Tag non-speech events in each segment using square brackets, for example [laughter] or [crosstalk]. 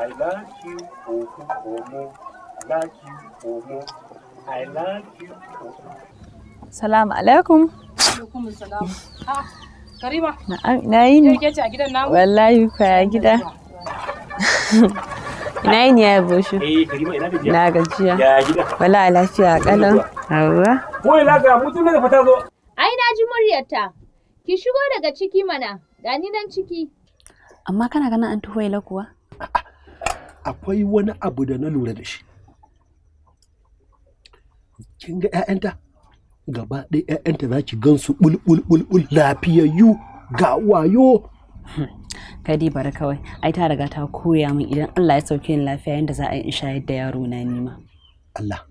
I like you, Oku Omo. I like you, Omo. I like you, Oku. Salam alaikum. Alaikum salam. Ah, Karima. Na'am, ina yi ne. Kike a gidan namu? Wallahi a gida. [laughs] Ina yi ne ya Eh, Karima ina gajiya. Na gajiya. Ya gida. Wallahi lafiya kalan. Hawwa. Ko ina ga mutum fata zo. Ai na ji muryarta. Ki shigo daga ciki mana. ni nan ciki. Amma kana ganin an tuhoila kuwa? akwai wani abu da na lura da shi kin ga 'ya'yanta gaba ɗaya 'ya'yanta za ki gan su lafiyayyu ga wayo kadi bari kawai ai ta riga ta koya min idan Allah ya sauke ni lafiya yanda za a yi in shayar da yaro na nima Allah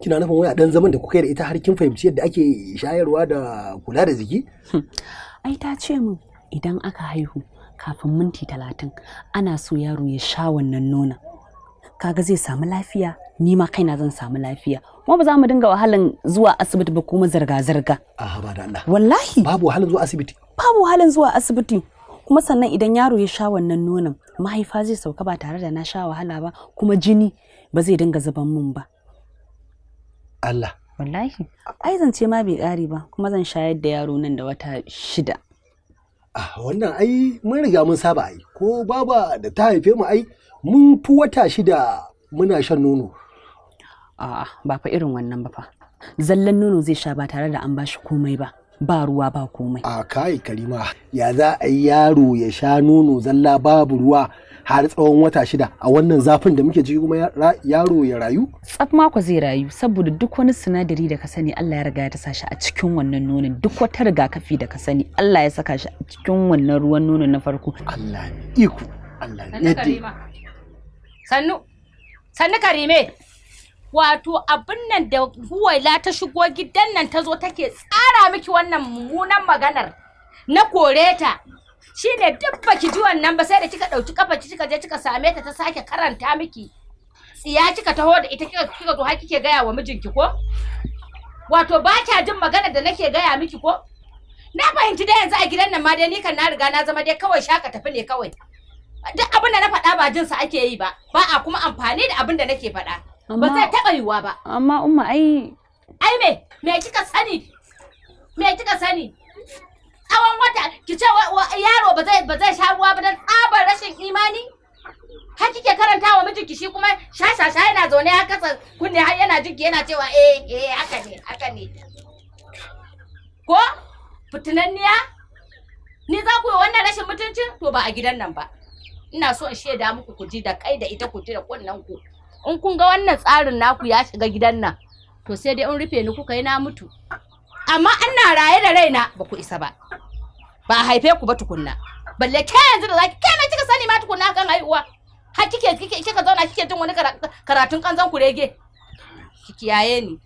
kina nufin wai a dan zaman da kuka yi da ita har kin fahimci yadda ake shayarwa da kula da jiki ai ta ce min idan aka haihu kafin minti talatin ana so yaro ya sha wannan nonon kaga zai samu lafiya ni ma kaina zan samu lafiya kuma ba za mu dinga wahalan zuwa asibiti ba kuma zarga-zarga a haba da wallahi babu wahalan zuwa asibiti babu wahalan zuwa asibiti kuma sannan idan yaro ya sha wannan nonon mahaifa zai sauka ba tare da na sha wahala ba kuma jini ba zai dinga zuban mun ba Allah wallahi ai ce ma bai kare ba kuma zan shayar da yaro nan da wata shida Ah, wannan ai mun riga mun saba ai ko baba da ta haife mu ai mun fi wata shida muna shan nono a'a ba fa irin wannan ba fa zallan nono zai sha ba tare da an bashi komai ba ba ruwa ba komai a kai karima ya za a yi yaro ya sha nono zalla babu ruwa har tsawon wata shida a wannan zafin da muke ciki kuma yaro ya rayu tsaf mako zai rayu saboda duk wani sinadari da ka sani Allah ya riga ya tasa shi a cikin wannan nonon duk wata rigakafi da ka sani Allah ya saka shi a cikin wannan ruwan nonon na farko Allah ne iko Allah ne sannu karima sannu sannu karime wato abin nan da huwaila ta shigo gidan nan ta zo take tsara miki wannan mummunan maganar na koreta ta shine duk baki ji wannan ba sai da kika dauki kafa kika je kika same ta ta sake karanta miki tsiya kika taho da ita kika kika zo har kike gaya wa mijinki ko wato ba kya jin maganar da nake gaya miki ko na fahimci da yanzu a gidan nan ma dai ni kan na riga na zama dai kawai shaka tafi ne kawai duk abin da na faɗa ba jinsa ake yi ba ba a kuma amfani da abin da nake faɗa Ba zai taɓa yiwuwa ba. Amma umma ai. Ai me me kika sani me kika sani tsawon wata ki ce yaro ba zai ba sha ruwa ba dan tsabar rashin imani. har kike karanta wa mijinki shi kuma shashasha yana zaune ya kasa kunne har yana jinki yana cewa eh eh haka ne haka ne ko fitinanniya ni za ku yi wannan rashin mutuncin to ba a gidan nan ba ina so in shaida muku ku ji da kai da ita ku ji da kunnen ku in kun ga wannan tsarin naku ya shiga gidan nan to sai dai in rufe ni kuka yi na mutu amma ana raye da raina ba ku isa ba ba haife ku ba tukunna balle ke yanzu da zaki ke mai kika sani ma tukunna kan haihuwa har kike kike kika zauna kike jin wani karatun kanzan kurege ki kiyaye ni